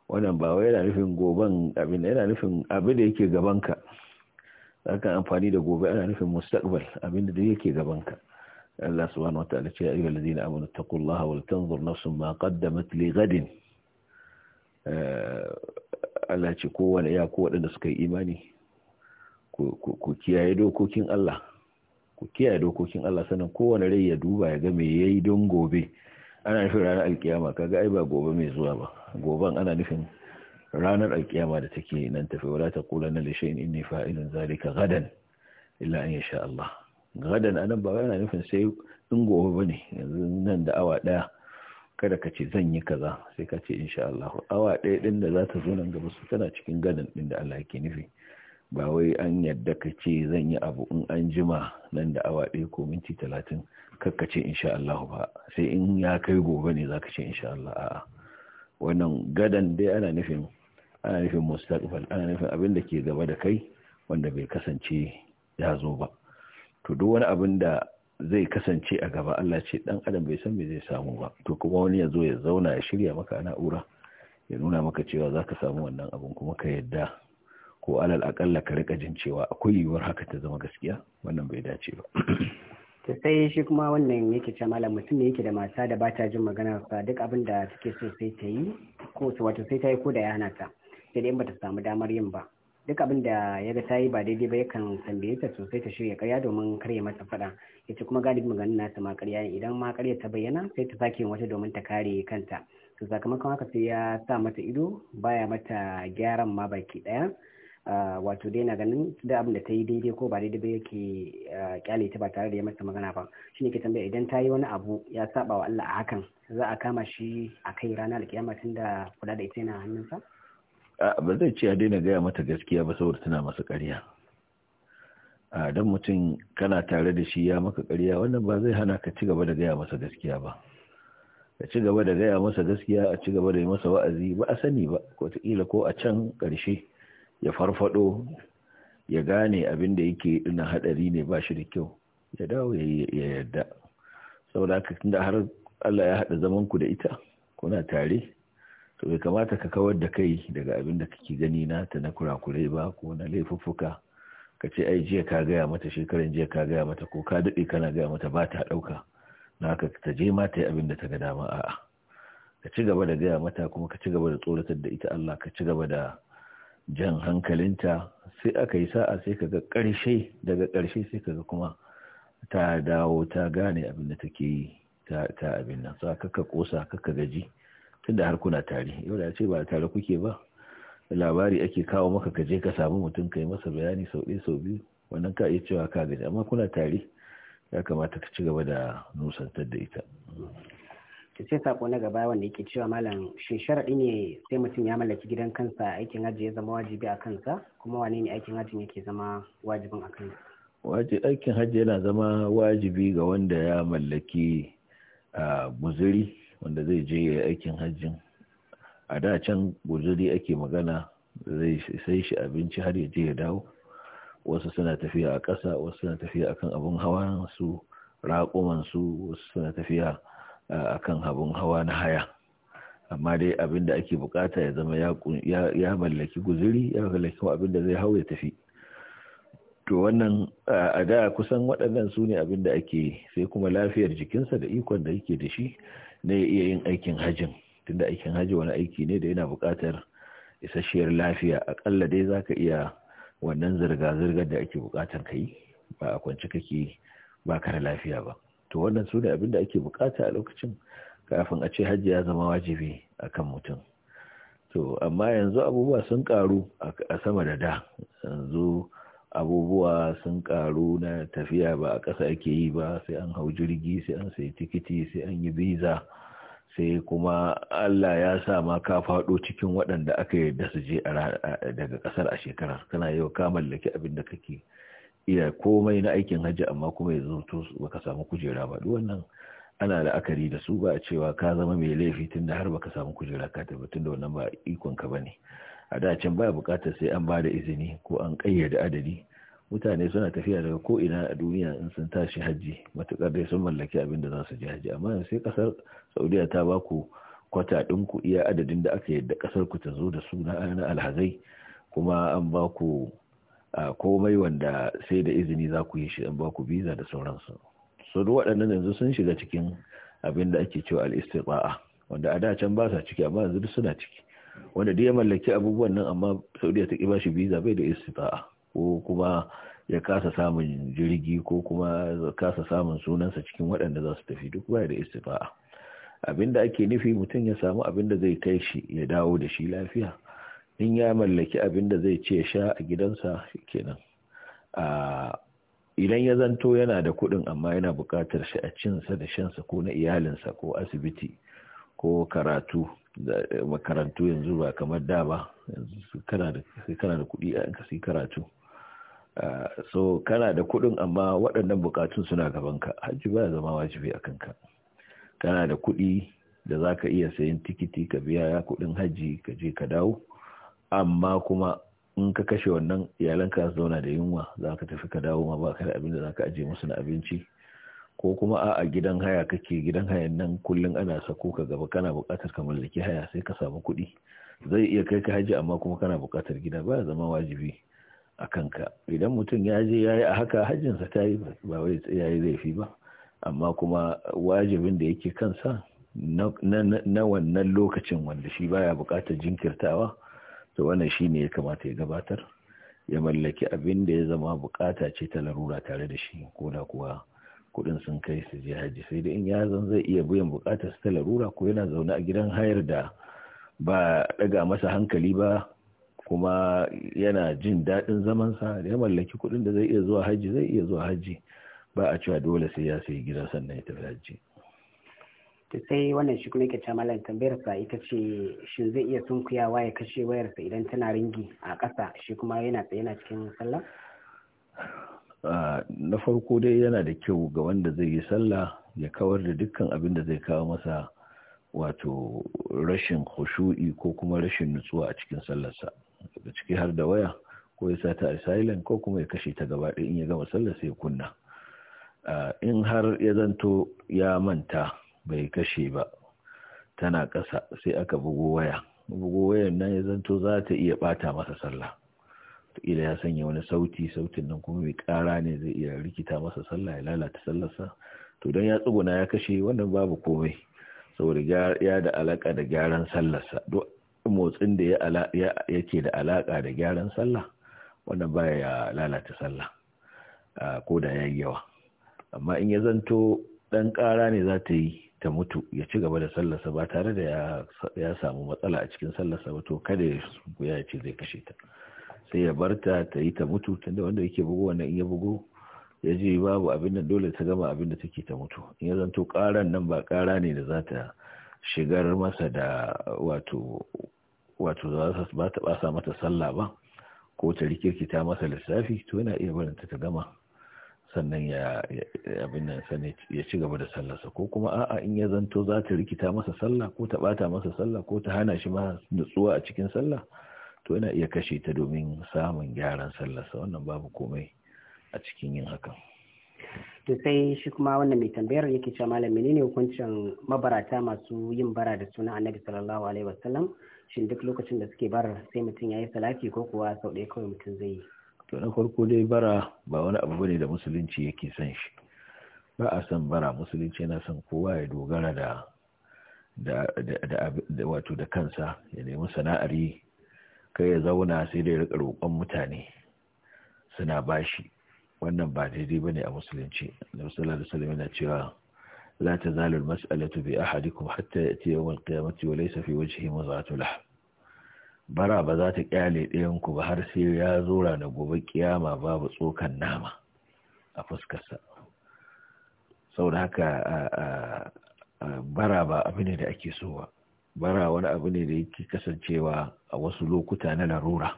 wannan ba wai yana nufin goban abin da yana nufin abin da yake gabanka zaka amfani da gobe ana nufin mustaqbal abin da yake gabanka Allah subhanahu wataala ya ayyuhal ladina amanu taqullaha wa tanzur nafsun ma qaddamat li ghadin eh, Allah ce ya ko waɗanda suka yi imani ku kiyaye dokokin Allah ku kiyaye dokokin Allah sannan kowane rai ya duba ya ga me yayi don gobe ana nufin ranar alkiyama kaga ai ba gobe mai zuwa ba goban ana nufin ranar alkiyama da take nan tafi wala ta kula na lishayin inni fa'ilin zalika gadan illa an yasha Allah gadan anan ba yana nufin sai in gobe bane yanzu nan da awa daya kada ka ce zan yi kaza sai ka ce insha Allah awa daya din da za ta zo nan gaba su tana cikin gadan din da Allah yake nufi ba wai an yadda ka ce zan yi abu in an jima nan da awa daya ko minti talatin kakka ce insha Allah ba sai in ya kai gobe ne za ka ce insha Allah a'a wannan gadan dai ana nufin ana nufin mustaqbal ana nufin abin da ke gaba da kai wanda bai kasance ya zo ba to duk wani abin da zai kasance a gaba Allah ce dan adam bai san me zai samu ba to kuma wani ya zo ya zauna ya shirya maka na'ura ya nuna maka cewa zaka samu wannan abin kuma ka yadda ko alal akalla ka rika jin cewa akwai yiwuwar haka ta zama gaskiya wannan bai dace ba ta sai shi kuma wannan yake ce malam mutum ne yake da mata da ba ta jin magana sa duk abin da take so sai ta yi ko wato sai ta yi ko da ya hana ta sai dai in ta samu damar yin ba duk abin da ya ga ta yi ba daidai ba yakan tambaye ta sosai ta shirya karya domin karya mata faɗa yace kuma galibi maganin nata ma karya idan ma karya ta bayyana sai ta sake wata domin ta kare kanta to sakamakon haka sai ya sa mata ido baya mata gyaran ma baki ɗaya Ah, wato dai na ganin da abin da ta yi daidai ko ba daidai ba yake kyale ah, ta ba tare da ya masa magana ba shine ke tambaya idan ta yi wani abu ya saba wa Allah a hakan za a kama shi a kai ranar alkiyama da kula da ita yana hannunsa ah, ba zai ce a daina gaya mata gaskiya ba saboda tana masa ƙarya don mutum kana tare da shi ya maka ƙarya wannan ba zai hana ka ci gaba da gaya masa gaskiya ba ka ci gaba da gaya masa gaskiya a ci gaba da yi masa wa'azi ba a sani ba wataƙila ko a can ƙarshe ya farfado ya gane abin da yake ina hadari ne ba shi da kyau ya dawo ya yarda saboda haka tunda har Allah ya haɗa zaman ku da ita kuna tare to bai kamata ka kawar da kai daga abin da kake gani na ta na kurakurai ba ko na laifuffuka ka ce ai jiya ka gaya mata shekaran jiya ka gaya mata ko ka daɗe kana gaya mata ba ta ɗauka na haka ta je ma ta yi abin da ta ga dama a'a ka ci gaba da gaya mata kuma ka ci gaba da tsoratar da ita Allah ka ci gaba da jan hankalinta sai aka yi sa'a sai ka ga ƙarshe daga ƙarshe sai ka ga kuma ta dawo ta gane abin da take yi ta abin nan sa kaka kosa kaka gaji tunda har kuna tare yau da ce ba tare kuke ba labari ake kawo maka ka je ka samu mutum ka yi masa bayani sau ɗaya sau biyu wannan ka iya cewa ka gaji amma kuna tare ya kamata ka ci gaba da nusantar da ita to sai sako na gaba wanda yake cewa malam shin sharaɗi ne sai mutum ya mallaki gidan kansa aikin hajji ya zama wajibi a kansa kuma wane ne aikin hajjin yake zama wajibin a kansa aikin hajji yana zama wajibi ga wanda ya mallaki guzuri wanda zai je ya aikin hajjin a da can guzuri ake magana zai sai shi abinci har ya je ya dawo wasu suna tafiya a ƙasa wasu suna tafiya akan abun hawa su raƙuman su wasu suna tafiya akan abun hawa na haya amma dai abin da ake bukata ya zama ya mallaki guziri ya mallaki abin da zai hau ya tafi to wannan a da kusan waɗannan su ne abin da ake sai kuma lafiyar jikinsa da ikon da yake da shi na ya iya yin aikin hajji tunda aikin hajji wani aiki ne da yana bukatar isasshiyar lafiya akalla dai zaka iya wannan zirga-zirgar da ake bukatar ka yi ba a kwanci kake ba ka lafiya ba to wannan su ne abin da ake bukata a lokacin kafin a ce hajji ya zama wajibi a kan mutum to amma yanzu abubuwa sun karu a sama da da yanzu abubuwa sun karu na tafiya ba a ƙasa ake yi ba sai an hau jirgi sai an sayi tikiti sai an yi biza sai kuma Allah ya sa ma ka faɗo cikin waɗanda aka yarda su je daga ƙasar a shekarar kana yau ka mallaki abin da kake iya komai na aikin hajji amma kuma ya zo baka samu kujera ba duk wannan ana la'akari da su ba a cewa ka zama mai laifi tun da har baka samu kujera ka tabbatar da wannan ba ikon ka bane a da can ba bukatar sai an ba da izini ko an kayyade adadi mutane suna tafiya daga ko ina a duniya in sun tashi hajji matukar dai sun mallaki abin da za su je hajji amma sai kasar saudiya ta ba ku kwata ɗinku iya adadin da aka yadda kasar ku ta zo da suna na alhazai kuma an ba ku komai wanda sai da izini za ku yi shi an ba ku biza da sauransu so duk waɗannan yanzu sun shiga cikin abin da ake cewa al wanda a da can ba sa ciki amma yanzu suna ciki wanda duk ya mallaki abubuwan nan amma Saudiya ta ki ba shi biza bai da istirba'a ko kuma ya kasa samun jirgi ko kuma kasa samun sunansa cikin waɗanda za su tafi duk baya da abin abinda ake nufi mutum ya samu abin da zai kai shi ya dawo da shi lafiya in ya mallaki abin da zai ce sha a gidansa kenan idan ya zanto yana da kuɗin amma yana buƙatar shi a cinsa da shansa ko na iyalinsa ko asibiti ko karatu makarantu yanzu ba kamar da ba kana da kuɗi a ka karatu so kana da kuɗin amma waɗannan buƙatun suna gabanka hajji ba zama wajibi a kanka kana da kuɗi da za ka iya sayan tikiti ka biya kuɗin hajji ka je ka dawo amma kuma in ka kashe wannan iyalanka su zauna da yunwa za ka tafi ka dawo ma ba ka da abin da za ka ajiye musu na abinci ko kuma a gidan haya kake gidan hayan nan kullum ana sako ka gaba kana buƙatar ka mallaki haya sai ka samu kuɗi zai iya kai ka haji amma kuma kana buƙatar gida ba zama wajibi a kanka idan mutum ya je ya yi a haka hajjinsa ta yi ba wai ya yi laifi ba amma kuma wajibin da yake kansa na wannan lokacin wanda shi baya buƙatar jinkirtawa to wannan ne ya kamata ya gabatar ya mallaki abin da ya zama bukata ce ta larura tare da shi ko da kuwa kudin sun kai su je haji sai da in ya zan zai iya biyan bukatar su ta larura ko yana zaune a gidan hayar da ba daga masa hankali ba kuma yana jin daɗin zamansa da ya mallaki kudin da zai iya zuwa haji zai iya zuwa haji ba a cewa dole sai ya sayi gida sannan ya tafi haji ta sai wannan shi kuma yake ce malam tambayar sa ita ce shi zai iya sunkuyawa ya kashe wayarsa idan tana ringi a ƙasa shi kuma yana tsaye yana cikin sallah ah, na farko dai yana da kyau ga wanda zai yi sallah ya kawar da dukkan abin da zai kawo masa wato rashin khushu'i ko kuma rashin nutsuwa a cikin sallarsa daga ciki har da waya ko ya sa a silent ko kuma ya kashe ta gaba ɗaya in ya gama sallar sai ya kunna ah, in har ya zanto ya manta bai kashe ba tana ƙasa sai aka bugo waya bugo wayan nan ya zanto za ta iya ɓata masa sallah ila ya sanya wani sauti sautin nan kuma mai ƙara ne zai iya rikita masa sallah ya lalata sallarsa to don ya tsuguna ya kashe wannan babu komai saboda ya da alaka da gyaran sallarsa duk motsin da yake da alaƙa da gyaran sallah wannan baya ya lalata sallah ah, ko da ya yi yawa amma in ya zanto ɗan ƙara ne za ta yi ta mutu ya ci gaba da sallarsa ba tare da ya samu matsala a cikin sallarsa ba to kada ya ce zai kashe ta sai ya bar ta ta yi ta mutu tunda wanda yake bugo wannan in ya bugo ya ji babu abin da dole ta gama abin da take ta mutu in ya zanto karan nan ba kara ne da za ta shigar masa da wato wato za ba ta basa mata sallah ba ko ta rikirkita masa lissafi to yana iya barin ta ta gama sannan ya abin nan sani ya ci gaba da sallarsa ko kuma a'a in ya zanto za ta rikita masa sallah ko ta bata masa sallah ko ta hana shi ma nutsuwa a cikin sallah to yana iya kashe ta domin samun gyaran sallarsa wannan babu komai a cikin yin hakan to sai shi kuma wannan mai tambayar yake cewa malam menene hukuncin mabarata masu yin bara da suna annabi sallallahu alaihi wasallam shin duk lokacin da suke bara sai mutum ya yi salati ko kuwa sau ɗaya kawai mutum zai yi to na farko dai bara ba wani abu bane da musulunci yake son shi ba a son bara musulunci yana son kowa ya dogara da wato da kansa ya nemi sana'ari, kai ya zauna sai da rika roƙon mutane suna bashi wannan ba daidai bane a musulunci da sallallahu alaihi wasallam yana cewa la tazalu al-mas'alatu bi ahadikum hatta yati yawm al-qiyamati wa laysa fi wajhihi muz'atu lahm bara ba za ta kyale ɗayanku ba har sai ya zo na gobe kiyama babu tsokan nama a fuskarsa da haka bara ba abu ne da ake so ba bara wani abu ne da yake kasancewa a wasu lokuta na larura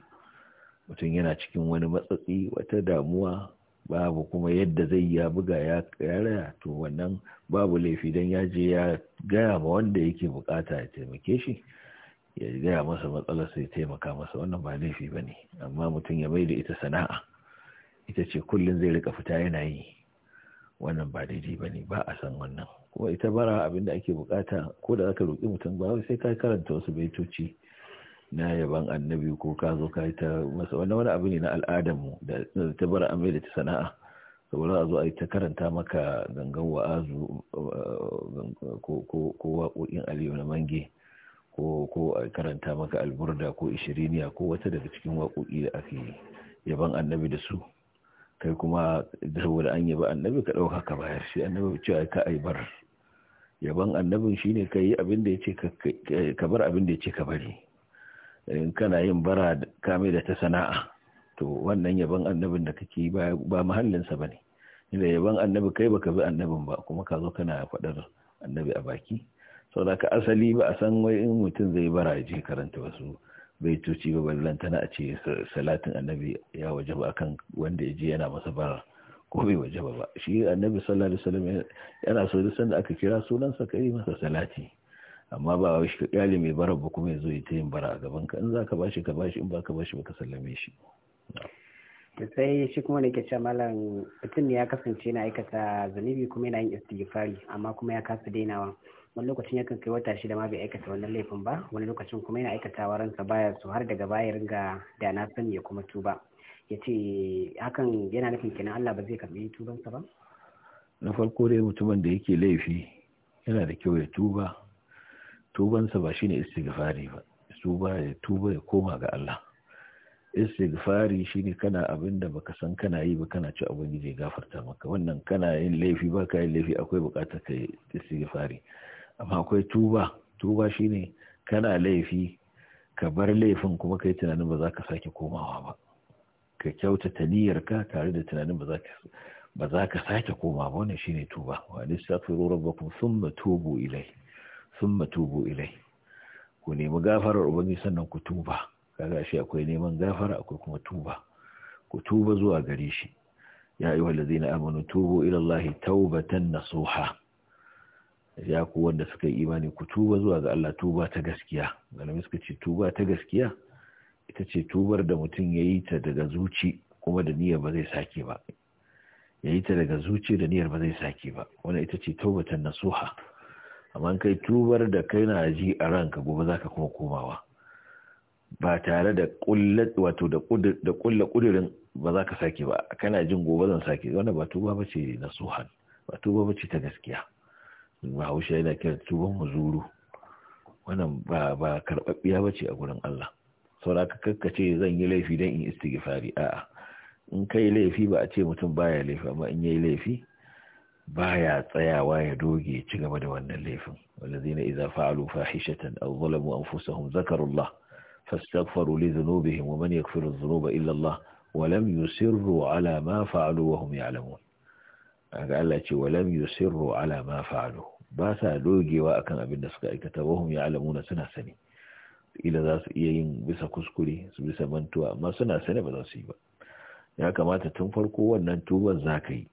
mutum yana cikin wani matsatsi wata damuwa babu kuma yadda zai ya buga ya raya to wannan babu laifi don ya je ya gaya ma wanda yake bukata ya taimake shi ya gaya masa su ya taimaka masa wannan ba laifi ba ne amma mutum ya maida ita sana'a ita ce kullum zai rika fita yana yi wannan ba daidai ba ne ba a san wannan kuma ita bara abin da ake bukata ko da aka roƙi mutum ba sai ka karanta wasu baitoci na yaban annabi ko ka zo ka yi ta masa wannan wani abu ne na al'adar mu da ta bara an da ta sana'a saboda a zo a yi ta karanta maka gangan wa'azu eh, ko waƙoƙin aliyu na mange ko ko a karanta maka alburda ko ishiriniya ko wata daga cikin waƙoƙi da ake yaban annabi da su kai kuma saboda an yaba annabi ka ɗauka ka bayar shi annabi cewa ka ai bar yaban annabin shine ka yi abin da yace ka bar abin da yace ka bari in kana yin bara kame da ta sana'a to wannan yaban annabin da kake yi ba mahallinsa bane ne yaban annabi kai baka bi annabin ba kuma ka zo kana faɗar annabi a baki sau da ka asali ba a san wai in mutum zai bara je karanta wasu tuci ba na a ce salatin annabi ya waje ba akan wanda ya je yana masa bara ko bai waje ba shi annabi sallallahu alaihi wasallam yana so da sanda aka kira sa kai masa salati amma ba wai shi ka mai bara ba kuma yazo ya ta yin bara a gaban ka in zaka bashi ka bashi in baka bashi baka sallame shi sai shi kuma ne ke ce malam mutum ne ya kasance na aikata zunubi kuma yana yin istighfari amma kuma ya kasa dainawa wani lokacin yakan kai wata shida ma bai aikata wannan laifin ba wani lokacin kuma yana aikatawa ransa baya su har daga baya ringa da na sani ya kuma tuba ya hakan yana nufin kenan Allah ba zai karɓi tubansa ba na farko dai mutumin da yake laifi yana da kyau ya tuba tubansa ba shine istighfari ba tuba ya tuba ya koma ga Allah istighfari shine kana abinda da baka san kana yi ba kana ci ubangiji ya gafarta maka wannan kana yin laifi baka yin laifi akwai bukatar kai istighfari amma akwai tuba tuba shine kana laifi ka bar laifin kuma kai tunanin ba za ka sake komawa ba ka kyautata ka tare da tunanin ba za ka sake koma ba wannan shine tuba wa nastaghfiru rabbakum thumma tubu ilai thumma tubu ilai ku nemi gafarar ubangi sannan ku tuba kaga shi akwai neman gafara akwai kuma tuba ku tuba zuwa gare shi ya ayyuhallazina amanu tubo ilallahi allahi taubatan nasuha ya ku wanda suka yi imani ku tuba zuwa ga Allah tuba ta gaskiya malamai suka ce tuba ta gaskiya ita ce tubar da mutum ya yi ta daga zuci kuma da niyyar ba zai sake ba ya yi ta daga zuci da niyyar ba zai sake ba wannan ita ce taubatan nasuha amma kai tubar da kai na ji a ranka gobe za ka kuma komawa ba tare da kulla wato da da kulla kudirin ba za ka sake ba kana jin gobe zan sake wannan ba tuba ce nasuha ba tuba ce ta gaskiya bahaushe yana kiran tuban muzuru wannan ba ba karɓaɓɓiya ba ce a gurin Allah saboda ka ce zan yi laifi don in istighfari a'a in kai laifi ba a ce mutum baya laifi amma in yayi laifi baya tsayawa ya doge ci gaba da wannan laifin walazina idza fa'alu fahishatan aw zalamu anfusahum zakarullah fastaghfiru li dhunubihim wa man yaghfiru dhunuba illa Allah wa lam yusirru ala ma fa'alu wa hum ya'lamun kaga Allah ce wa lam yusirru ala ma fa'alu ba sa dogewa akan abin da suka aikata wahum ya alamuna suna sani ila za su iya yin bisa kuskure su bisa mantuwa amma suna sani ba za su yi ba ya kamata tun farko wannan tuban za ka yi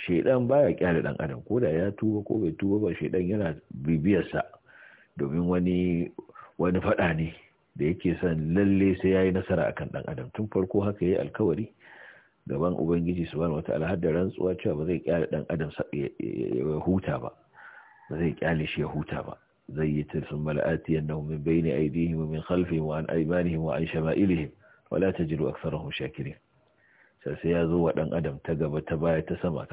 shaidan baya kyale dan adam ko da ya tuba ko bai tuba ba shaidan yana bibiyarsa domin wani wani fada ne da yake san lalle sai yayi nasara akan dan adam tun farko haka ya yi alkawari gaban ubangiji subhanahu wataala wata alhadar rantsuwa cewa ba zai kyale dan adam ya huta ba zai kyale shi ya huta ba zai yi tilfin mala'ati yannahum min bayni aydihim wa min khalfihim wa an aymanihim wa an shama'ilihim wa la tajidu aktharahum shakirin sai sai ya zo wa dan adam ta gaba ta baya ta sama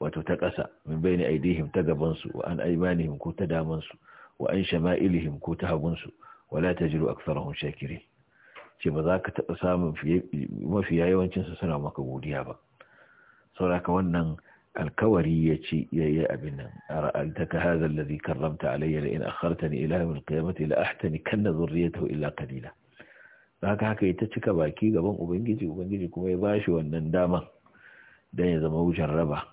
wato ta ƙasa min bayni aydihim ta gaban su wa an aymanihim ko ta daman su wa an shama'ilihim ko ta hagun su wa la tajidu aktharahum shakirin ce ba za ka taɓa samun mafi yawancinsu suna maka godiya ba sauraka wannan alkawari ya ci yayi abin nan a ra'altaka hadha alladhi karramta alayya da in akhartani ila yawm alqiyamati la ahtani kanna dhurriyatahu illa qalila haka haka ita cika baki gaban ubangiji ubangiji kuma ya bashi wannan dama dan ya zama wujen raba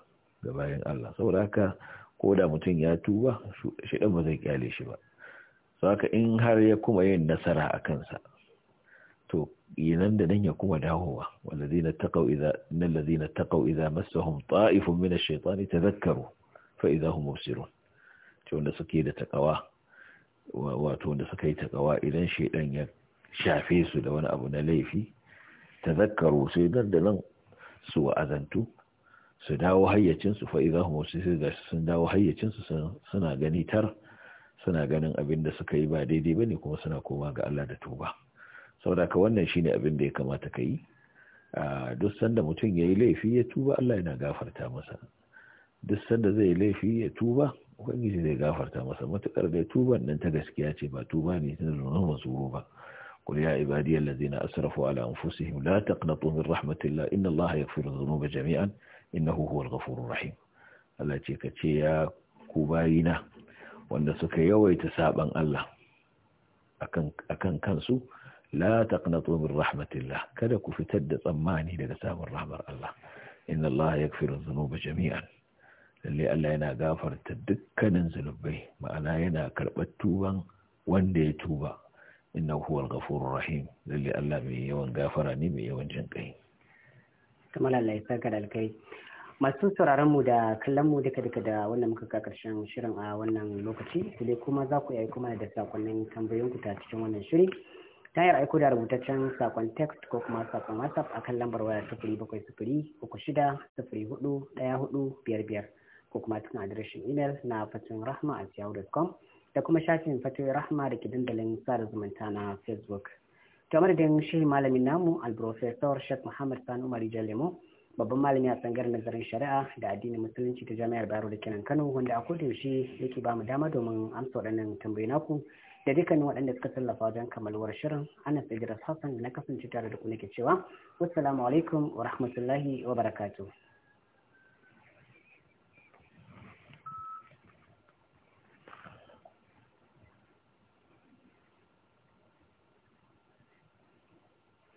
ga bayan Allah saboda haka ko da mutum ya tuba shi dan ba zai kyale shi ba ka in har ya kuma yin nasara a kansa to nan da nan ya kuma dawowa wallazina taqaw idza innal ladzina taqaw idza massahum ta'ifun min ash-shaytani tadhakkaru fa idza hum mubsirun to wanda suke da takawa wato wanda suka yi idan shaiɗan ya shafe su da wani abu na laifi tadhakkaru sai nan da nan su wa'azantu su dawo hayyacin su fa idza sun dawo hayyacin suna gani tar suna ganin abin da suka yi ba daidai bane kuma suna koma ga Allah da tuba saboda ka wannan shi ne abin da ya kamata ka yi duk sanda mutum ya yi laifi ya tuba Allah yana gafarta masa duk sanda zai yi laifi ya tuba ubangiji zai gafarta masa matukar da tuban nan ta gaskiya ce ba tuba ne ta zuwa masuru ba قل يا عبادي الذين أسرفوا على أنفسهم لا تقنطوا من رحمة الله إن الله يغفر الذنوب جميعا إنه هو الغفور الرحيم الله تيكتي يا كوباينا وأن سكي يوي تسابا الله أكن, أكن كنسو la taqnatu min rahmatillah kada ku fitar da tsammani daga samun rahmar Allah inna Allah yaghfiru dhunuba jami'an lalle Allah yana gafarta dukkanin zunubai ma'ana yana karɓar tuban wanda ya tuba inna huwal ghafurur rahim lalle Allah mai yawan gafara ne mai yawan jin kai kamar Allah ya saka alkai masu sauraron mu da kallon mu duka duka da wannan muka ka shirin a wannan lokaci sai kuma za ku yi kuma da sakonnin tambayoyinku ta cikin wannan shiri ta hanyar aiko da rubutaccen sakon text ko kuma sakon whatsapp a kan lambar waya sufuri bakwai sufuri uku shida sufuri hudu daya hudu biyar biyar ko kuma cikin adireshin imel na fatin rahma a yahoo.com da kuma shafin fatin rahma da ke dandalin sada zumunta na facebook ta madadin shi malamin namu alprofesor sheikh muhammad sani umar jalemo babban malami a tsangar nazarin shari'a da addinin musulunci ta jami'ar bayero da kenan kano wanda a shi yake ba mu dama domin amsa waɗannan tambayi naku da dukkanin waɗanda suka tallafa wajen kamalwar shirin ana idris hassan da na kasance tare da ku nake cewa wassalamu alaikum wa rahmatullahi wa barakatuh